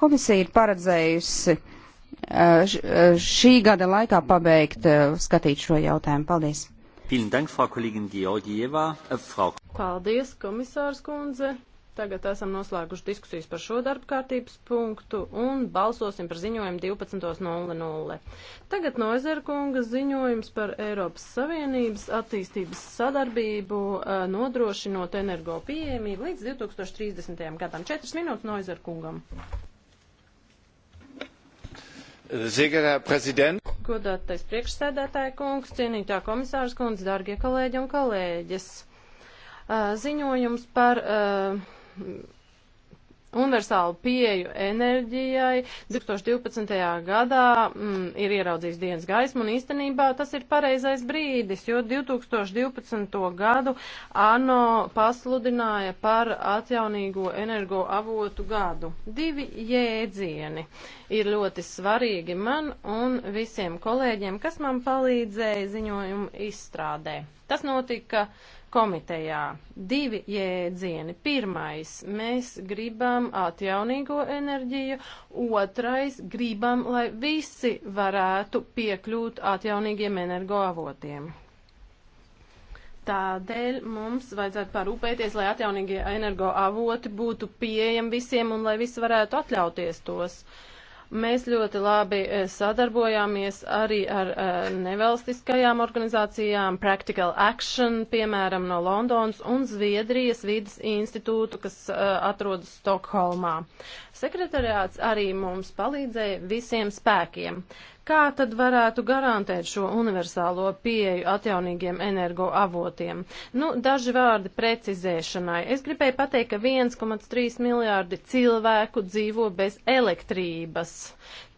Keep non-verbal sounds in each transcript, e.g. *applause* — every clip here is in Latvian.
Komisija ir paredzējusi eh, eh, šī gada laikā pabeigt eh, skatīt šo jautājumu. Paldies! Äh, Paldies, komisārs kundze! Tagad esam noslēguši diskusijas par šo darba kārtības punktu un balsosim par ziņojumu 12.00. Tagad Noizera kunga ziņojums par Eiropas Savienības attīstības sadarbību nodrošinot energo pieejamību līdz 2030. gadam. Četras minūtes Noizera kungam. Godātais priekšsēdētāja kungs, cienītā komisārs kundze, dārgie kolēģi un kolēģis. Ziņojums par uh, universālu pieju enerģijai 2012. gadā mm, ir ieraudzījis dienas gaismu un īstenībā tas ir pareizais brīdis, jo 2012. gadu ANO pasludināja par atjaunīgo energo avotu gadu. Divi jēdzieni ir ļoti svarīgi man un visiem kolēģiem, kas man palīdzēja ziņojumu izstrādē. Tas notika uh, komitejā. Divi jēdzieni. Pirmais, mēs gribam atjaunīgo enerģiju, otrais, gribam, lai visi varētu piekļūt atjaunīgiem energoavotiem. Tādēļ mums vajadzētu parūpēties, lai atjaunīgie energoavoti būtu pieejami visiem un lai visi varētu atļauties tos. Uh, Mēs ļoti labi e, sadarbojāmies arī ar e, nevalstiskajām organizācijām, Practical Action, piemēram, no Londonas un Zviedrijas vidas institūtu, kas e, atrodas Stokholmā. Sekretariāts arī mums palīdzēja visiem spēkiem. Kā tad varētu garantēt šo universālo pieeju atjaunīgiem energoavotiem? Nu, daži vārdi precizēšanai. Es gribēju pateikt, ka 1,3 miljārdi cilvēku dzīvo bez elektrības.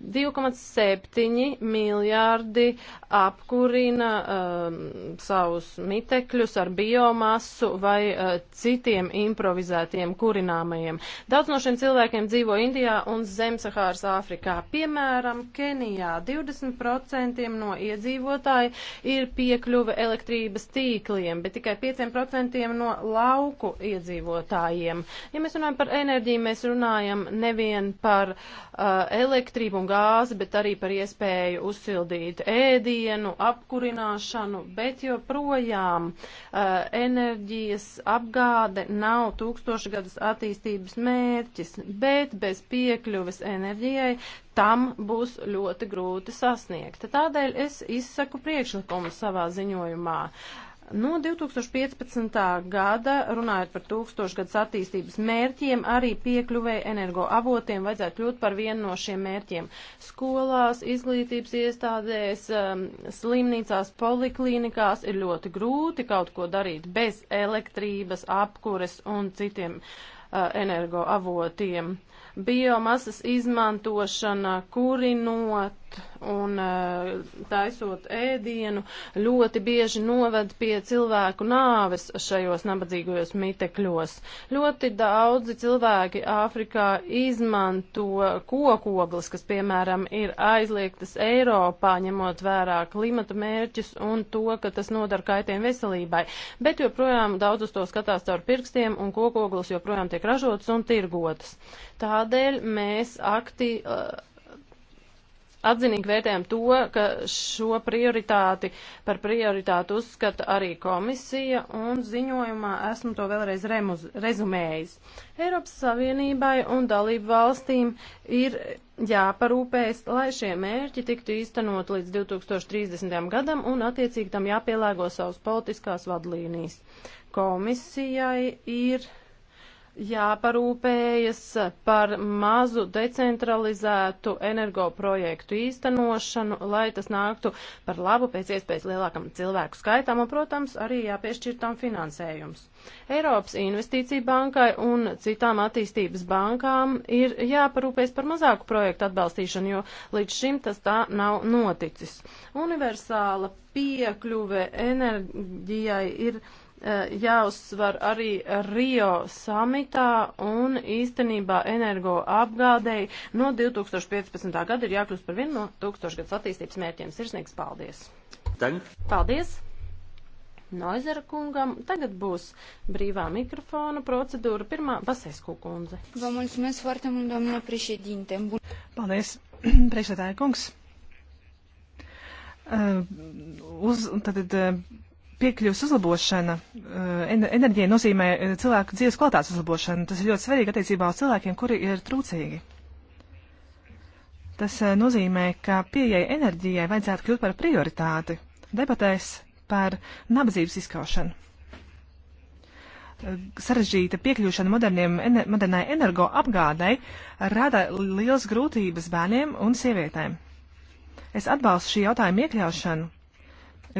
2,7 miljārdi apkurina um, savus mitekļus ar biomasu vai uh, citiem improvizētiem kurināmajiem. Daudz no šiem cilvēkiem dzīvo Indijā un Zemsahāras Āfrikā. Piemēram, Kenijā 20% no iedzīvotāji ir piekļuve elektrības tīkliem, bet tikai 5% no lauku iedzīvotājiem. Ja mēs runājam par enerģiju, mēs runājam nevien par uh, elektrību un gāzi, bet arī par iespēju uzsildīt ēdienu, apkurināšanu, bet joprojām uh, enerģijas apgāde nav tūkstošgadus attīstības mērķis, bet bez piekļuves enerģijai tam būs ļoti grūti sasniegta. Tādēļ es izsaku priekšlikumu savā ziņojumā. Uh, No nu, 2015. gada, runājot par tūkstošgads attīstības mērķiem, arī piekļuvēja energoavotiem vajadzētu kļūt par vienu no šiem mērķiem. Skolās, izglītības iestādēs, um, slimnīcās, poliklīnikās ir ļoti grūti kaut ko darīt bez elektrības, apkures un citiem uh, energoavotiem. Biomasas izmantošana, kurinot un eh, taisot ēdienu ļoti bieži noved pie cilvēku nāves šajos nabadzīgajos mitekļos. Ļoti daudzi cilvēki Āfrikā izmanto kokogles, kas, piemēram, ir aizliegtas Eiropā, ņemot vērā klimata mērķus un to, ka tas nodara kaitiem veselībai. Bet joprojām daudz uz to skatās caur pirkstiem un kokogles joprojām tiek ražotas un tirgotas. Tādēļ mēs aktīvi eh, Atzinīgi vērtējam to, ka šo prioritāti par prioritātu uzskata arī komisija un ziņojumā esmu to vēlreiz remuz, rezumējis. Eiropas Savienībai un dalību valstīm ir jāparūpējas, lai šie mērķi tiktu īstenot līdz 2030. gadam un attiecīgi tam jāpielāgo savas politiskās vadlīnijas. Komisijai ir jāparūpējas par mazu decentralizētu energoprojektu īstenošanu, lai tas nāktu par labu pēc iespējas lielākam cilvēku skaitam un, protams, arī jāpiešķir tam finansējums. Eiropas investīcija bankai un citām attīstības bankām ir jāparūpēs par mazāku projektu atbalstīšanu, jo līdz šim tas tā nav noticis. Universāla piekļuve enerģijai ir Eh, jāuzsver arī Rio samitā un īstenībā energo apgādēji no 2015. gada ir jākļūst par vienu no tūkstošgads attīstības mērķiem. Sirsnīgs paldies! Daņ. Paldies! Noizera kungam. Tagad būs brīvā mikrofona procedūra. Pirmā Basesku kundze. Vă mulțumesc foarte mult, domnule președinte. Bun... Paldies, *clears throat* priekšsēdētāja kungs. Uh, uz, tad, uh, piekļuvas uzlabošana eh, enerģijai nozīmē eh, cilvēku dzīves kvalitātes uzlabošanu. Tas ir ļoti svarīgi attiecībā uz cilvēkiem, kuri ir trūcīgi. Tas eh, nozīmē, ka pieejai enerģijai vajadzētu kļūt par prioritāti debatēs par nabadzības izkaušanu. Sarežģīta piekļūšana moderniem, ener, modernai energoapgādai rada liels grūtības bērniem un sievietēm. Es atbalstu šī jautājuma iekļaušanu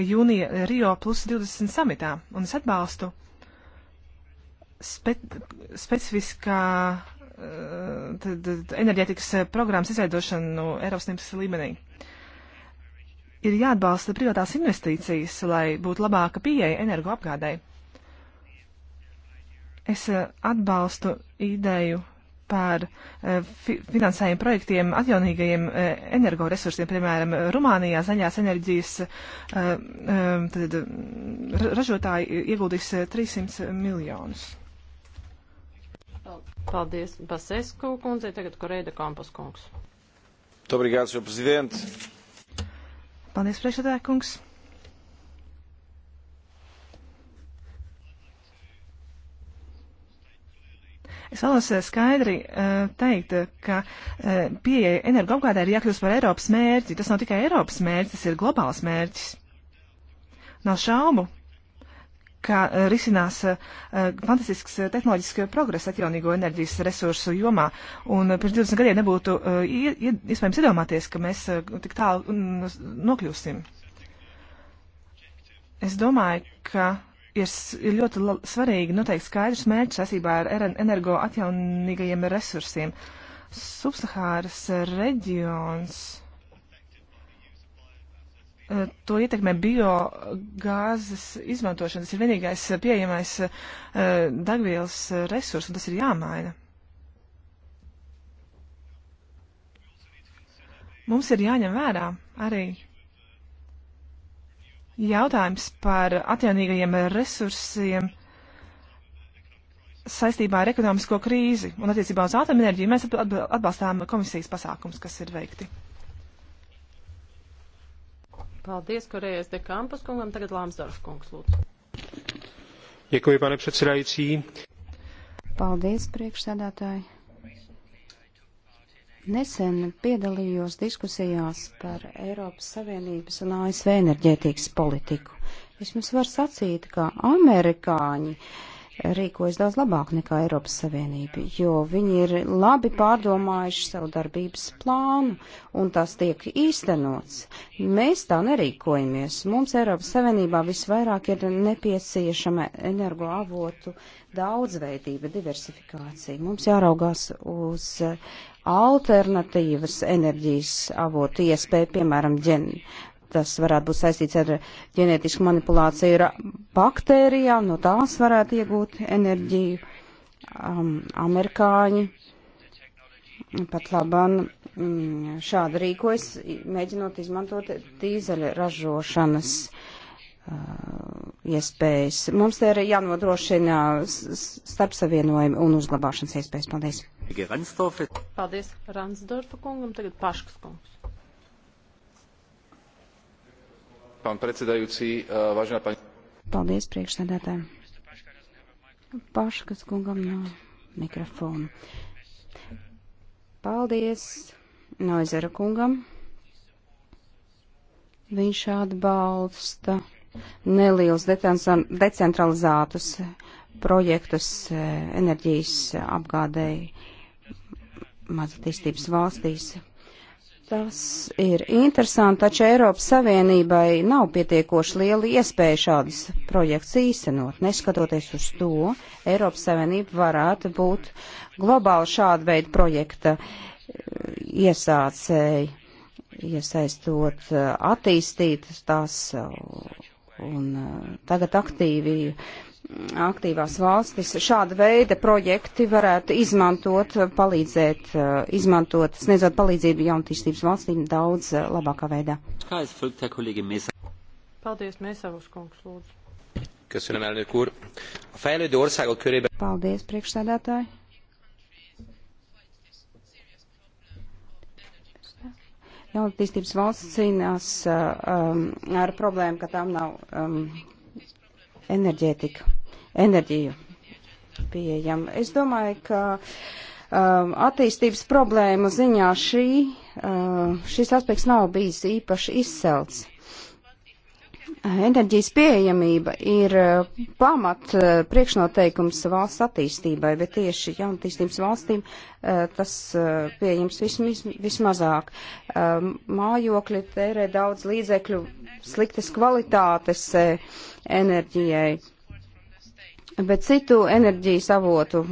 jūnija Rio plus 20 samitā, un es atbalstu spe specifiskā eh, tad, enerģētikas eh, programmas izveidošanu Eiropas Savienības līmenī. Ir jāatbalsta privātās investīcijas, lai būtu labāka pieeja energoapgādai. Es eh, atbalstu ideju par eh, fi finansējumu projektiem atjaunīgajiem eh, energoresursiem, piemēram, Rumānijā zaļās enerģijas eh, tad, ražotāji ieguldīs 300 miljonus. Paldies, Basesku kundze, tagad Koreida Kampus kungs. Dobrīgāts, jo prezidents. Paldies, priekšsēdētājkungs. kungs. Es vēlos eh, skaidri uh, teikt, eh, ka uh, pieeja energoapgādē ir jākļūst par Eiropas mērķi. Tas nav tikai Eiropas mērķis, tas ir globāls mērķis. Nav šaubu, ka uh, risinās uh, fantastisks uh, tehnoloģisks progress atjaunīgo enerģijas resursu jomā. Un pirms 20 gadiem nebūtu iespējams iedomāties, ka mēs tik tālu mm, nokļūsim. Es domāju, ka ir, ir ļoti svarīgi noteikt skaidrs mērķis saistībā ar energo atjaunīgajiem resursiem. Subsahāras reģions. E, to ietekmē biogāzes izmantošana. Tas ir vienīgais pieejamais e, dagvielas resurs, un tas ir jāmaina. Mums ir jāņem vērā arī Jautājums par atjaunīgajiem resursiem saistībā ar ekonomisko krīzi un attiecībā uz atomenerģiju mēs atbalstām komisijas pasākums, kas ir veikti. Paldies, Korejas de Kampas kungam. Tagad Lāmsdorf kungs, lūdzu. Děkuji, pane předsedající. Paldies, priekšsēdētāji. Nesen piedalījos diskusijās par Eiropas Savienības un ASV enerģētikas politiku. Es jums varu sacīt, ka amerikāņi rīkojas daudz labāk nekā Eiropas Savienība, jo viņi ir labi pārdomājuši savu darbības plānu un tas tiek īstenots. Mēs tā nerīkojamies. Mums Eiropas Savienībā visvairāk ir nepieciešama energoavotu daudzveidība, diversifikācija. Mums jāraugās uz alternatīvas enerģijas avotu iespēju, piemēram, ģen, tas varētu būt saistīts ar ģenētisku manipulāciju ar baktērijām, no tās varētu iegūt enerģiju. Um, amerikāņi pat labam mm, šādi rīkojas, mēģinot izmantot dīzeļa ražošanas uh, iespējas. Mums te ir jānodrošina starpsavienojumi un uzglabāšanas iespējas. Paldies. Paldies Ransdorfa kungam, tagad Paškas kungs. Pán predsedajúci, e, vážená pani. Paldies priekšsēdētājiem. Paškas kungam no mikrofona. Paldies Noizera kungam. Viņš atbalsta nelielus decentralizētus projektus e, enerģijas apgādēji mazatīstības valstīs. Tas ir interesanti, taču Eiropas Savienībai nav pietiekoši liela iespēja šādas projekts īstenot. Neskatoties uz to, Eiropas Savienība varētu būt globāli šāda veida projekta e, iesācēji, iesaistot, e, attīstīt tās un uh, tagad aktīvi, aktīvās valstis. Šāda veida projekti varētu izmantot, palīdzēt, uh, izmantot, sniedzot palīdzību jaunatīstības valstīm daudz uh, labākā veidā. Paldies, Mēsavus kungs, lūdzu. Köszönöm, elnök úr. A fejlődő országok körében... Paldies, priekšsēdētāji. jaunatīstības valsts cīnās uh, um, ar problēmu, ka tām nav um, enerģētika, enerģiju pieejama. Es domāju, ka um, attīstības problēmu ziņā šī, um, šis aspekts nav bijis īpaši izcelts. Enerģijas pieejamība ir eh, pamat eh, priekšnoteikums valsts attīstībai, bet tieši jaunatīstības valstīm eh, tas pieejams vismiz, vismazāk. Mājokļi tērē daudz līdzekļu sliktas kvalitātes enerģijai, bet citu enerģijas avotu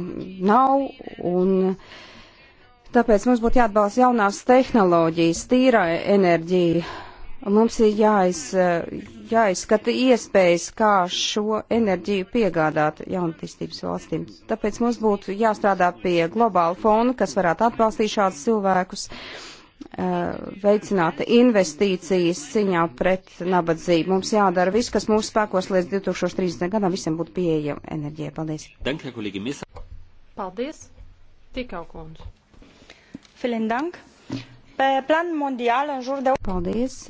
nav un. Tāpēc mums būtu jāatbalsta jaunās tehnoloģijas, tīrā enerģija. Mums ir jāiz, jāizskata iespējas, kā šo enerģiju piegādāt jaunatīstības valstīm. Tāpēc mums būtu jāstrādā pie globāla fona, kas varētu atbalstīt šādus cilvēkus, veicināt investīcijas ciņā pret nabadzību. Mums jādara viss, kas mūsu spēkos līdz 2030. gadam visiem būtu pieejama enerģija. Paldies! Paldies! Tikau kundze! Vielen Dank! Pe plan mondial, în jur de... Paldies!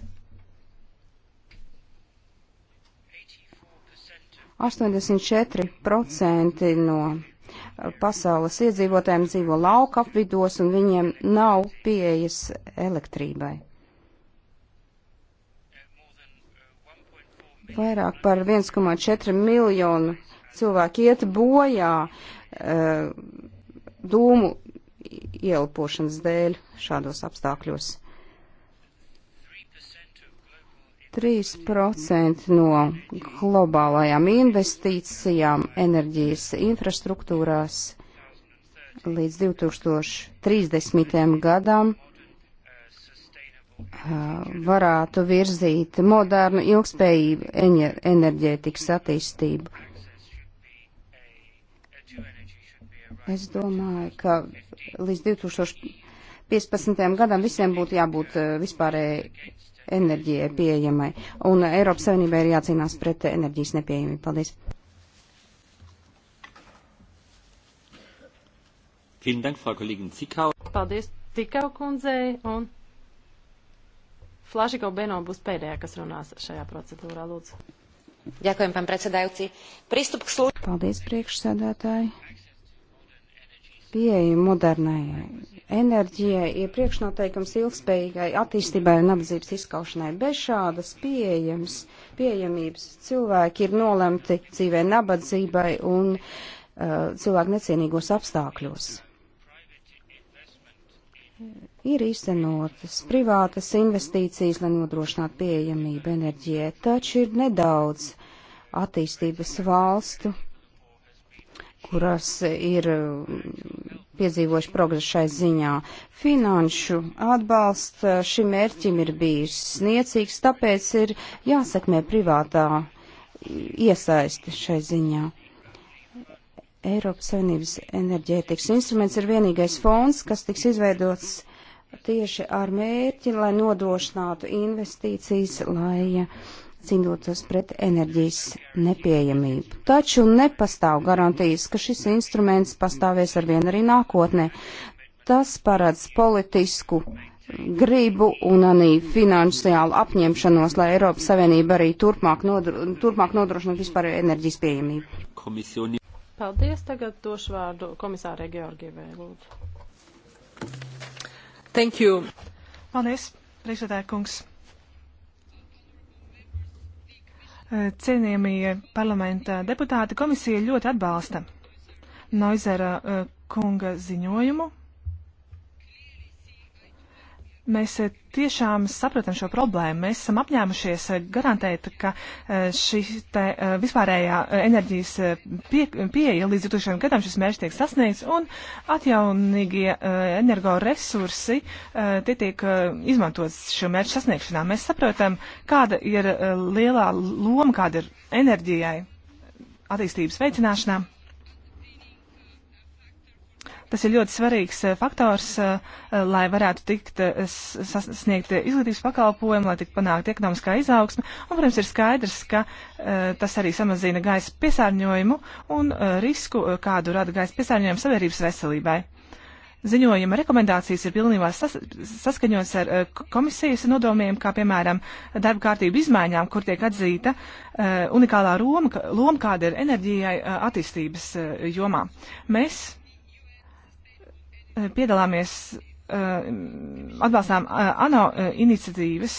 84% no eh, pasaules iedzīvotājiem dzīvo lauka apvidos un viņiem nav pieejas elektrībai. Vairāk par 1,4 miljonu cilvēku iet bojā eh, dūmu ielpošanas dēļ šādos apstākļos. 3% no globālajām investīcijām enerģijas infrastruktūrās līdz 2030. gadam varētu virzīt modernu ilgspējību enerģētikas attīstību. Es domāju, ka līdz 2015. gadam visiem būtu jābūt vispārēji enerģijai pieejamai. Un Eiropas Savienībai ir jācīnās pret enerģijas nepieejamību. Paldies! Paldies Tikau kundzei un Flašiko Beno būs pēdējā, kas runās šajā procedūrā. Lūdzu. Ďakujem, pán predsedajúci. Prístup k službám. Paldies, priekšsēdētāji pieeja modernai enerģijai ir priekšnoteikums ilgspējīgai attīstībai un nabadzības izskaušanai. Bez šādas pieejams, pieejamības cilvēki ir nolemti dzīvē nabadzībai un uh, cilvēku necienīgos apstākļos. Ir īstenotas privātas investīcijas, lai nodrošinātu pieejamību enerģijai, taču ir nedaudz attīstības valstu kuras ir mm, piedzīvojuši progresu šai ziņā. Finanšu atbalsts eh, šim mērķim ir bijis sniecīgs, tāpēc ir jāsekmē privātā iesaiste šai ziņā. Eiropas Savienības enerģētikas instruments ir vienīgais fonds, kas tiks izveidots tieši ar mērķi, lai nodrošinātu investīcijas, lai uh, cīnoties pret enerģijas nepieejamību. Taču nepastāv garantijas, ka šis instruments pastāvēs ar vien arī nākotnē. Tas parāds politisku gribu un arī finansiālu apņemšanos, lai Eiropas Savienība arī turpmāk, nodro, turpmāk nodrošinātu vispār enerģijas pieejamību. Komisioni. Paldies, tagad došu vārdu komisārai Georgievai, lūdzu. Thank you. Paldies, priekšsēdētāj kungs. Cienījamie parlamenta deputāti, komisija ļoti atbalsta Noizera eh, kunga ziņojumu Mēs eh, tiešām saprotam šo problēmu. Mēs esam apņēmušies eh, garantēt, ka eh, šī vispārējā enerģijas pie, pieeja līdz 2000 gadam šis mērķis tiek sasniegts un atjaunīgie energoresursi tie tiek izmantots šo mērķu sasniegšanā. Mēs saprotam, kāda ir lielā loma, kāda ir enerģijai attīstības veicināšanā. Tas ir ļoti svarīgs eh, faktors, eh, eh, lai varētu tikt sasniegt izglītības pakalpojumu, lai tiktu panākt ekonomiskā izaugsme. Un, protams, ir skaidrs, ka tas arī samazina gaisa piesārņojumu un risku, kādu rada gaisa piesārņojumu sabiedrības veselībai. Ziņojuma rekomendācijas ir pilnībā sas saskaņots ar uh, komisijas nodomiem, kā piemēram darba kārtību izmaiņām, kur tiek atzīta uh, unikālā Roma, loma, kāda ir enerģijai uh, attīstības jomā. Mēs Eh, piedalāmies, eh, atbalstām eh, ANO iniciatīvas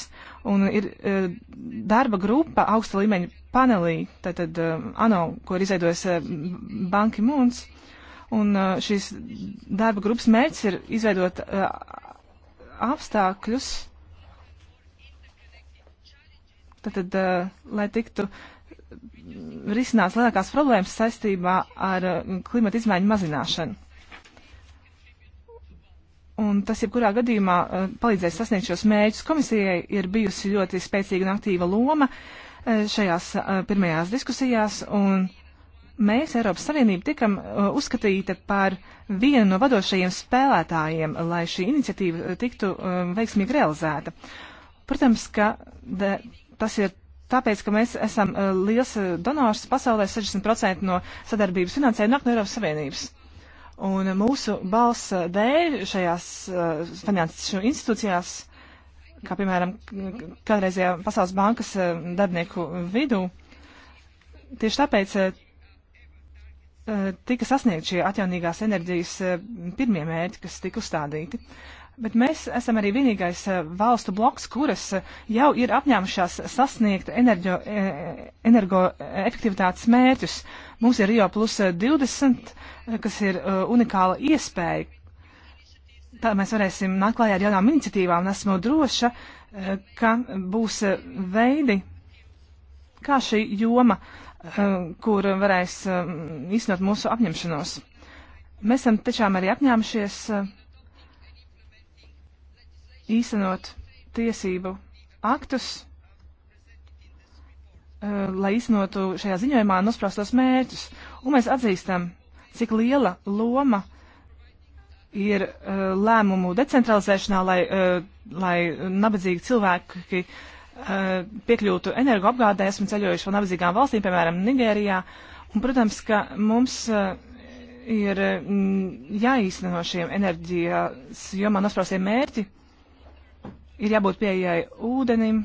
un ir darba grupa augsta līmeņa panelī, tātad ANO, ko ir izveidojis Banki Mūns. Un šīs darba grupas mērķis ir izveidot apstākļus, tātad, lai tiktu risināts lielākās problēmas saistībā ar klimata izmaiņu mazināšanu. Un tas, jebkurā gadījumā, uh, palīdzēs sasniegt šos mēģus. Komisijai ir bijusi ļoti spēcīga un aktīva loma uh, šajās uh, pirmajās diskusijās, un mēs, Eiropas Savienība, tikam uzskatīta par vienu no vadošajiem spēlētājiem, lai šī iniciatīva tiktu um, veiksmīgi realizēta. Protams, ka de, tas ir tāpēc, ka mēs esam liels donors pasaulē, 60% no sadarbības finansējuma nāk no Eiropas Savienības. Un mūsu balss dēļ šajās uh, eh, finanšu institūcijās, kā piemēram kādreizajā Pasaules bankas uh, darbinieku vidū, tieši tāpēc uh, tika sasniegt šie atjaunīgās enerģijas pirmie mērķi, kas tika uzstādīti. Bet mēs esam arī vienīgais valstu bloks, kuras jau ir apņēmušās sasniegt enerģo, energoefektivitātes mērķus. Uh, Mums ir Rio plus 20, eh, eh, kas ir uh, unikāla iespēja. Tā mēs varēsim nākt klājā ar jaunām iniciatīvām, un esmu droša, uh, ka būs uh, veidi, kā šī joma, uh, kur varēs uh, īstenot mūsu apņemšanos. Mēs esam tiešām arī apņēmušies uh, īstenot tiesību aktus Uh, lai iznotu šajā ziņojumā nosprostos mērķus. Un mēs atzīstam, cik liela loma ir uh, lēmumu decentralizēšanā, lai, uh, lai nabadzīgi cilvēki uh, piekļūtu energoapgādē. Esmu ceļojuši vēl nabadzīgām valstīm, piemēram, Nigērijā. Un, protams, ka mums uh, ir mm, jāīsteno šiem enerģijas jomā nosprosie mērķi. Ir jābūt pieejai ūdenim,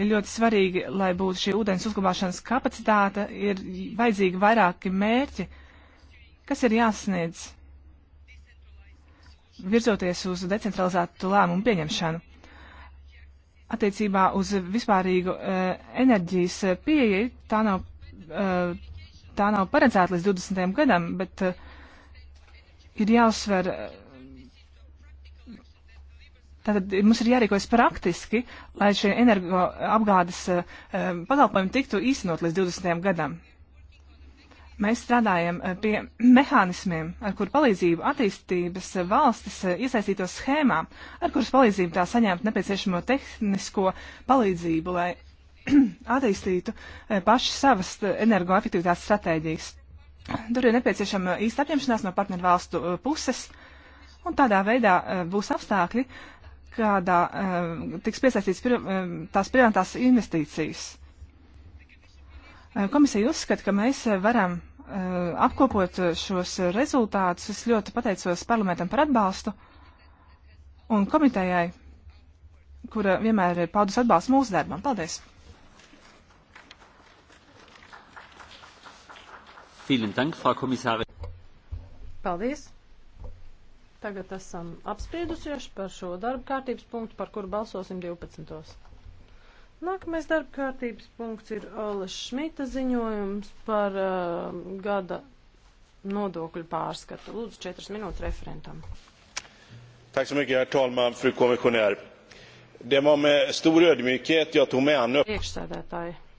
ir ļoti svarīgi, lai būtu šī ūdens uzglabāšanas kapacitāte, ir vajadzīgi vairāki mērķi, kas ir jāsniedz virzoties uz decentralizētu lēmumu pieņemšanu. Attiecībā uz vispārīgu uh, enerģijas eh, pieeju tā nav, uh, tā nav paredzēta līdz 20. gadam, bet uh, ir jāuzsver. Uh, Tātad mums ir jārīkojas praktiski, lai šie energoapgādes uh, pakalpojumi tiktu īstenot līdz 20. gadam. Mēs strādājam eh, pie mehānismiem, ar kur palīdzību attīstības valstis eh, iesaistītos schēmā, ar kuras palīdzību tā saņemt nepieciešamo tehnisko palīdzību, lai *clears throat* attīstītu paši savas energoefektivitātes stratēģijas. Tur ir nepieciešama īsta apņemšanās no partneru valstu puses, un tādā veidā būs apstākļi, uh, kādā eh, tiks piesaistīts pri, eh, tās privātās investīcijas. Eh, komisija uzskata, ka mēs varam apkopot šos rezultātus. Es ļoti pateicos parlamentam par atbalstu un komitejai, kura vienmēr ir paudus atbalstu mūsu darbam. Paldies! Vielen Dank, Frau Kommissarin. Paldies! Tagad esam apspriedušies par šo darba kārtības punktu, par kuru balsosim 12. Nākamais darba kārtības punkts ir Olas Šmita ziņojums par uh, gada nodokļu pārskatu. Lūdzu, 4 minūtes referentam. Tack så mycket, herr talman, fru kommissionär. Det var med stor ödmjukhet jag tog mig an upp...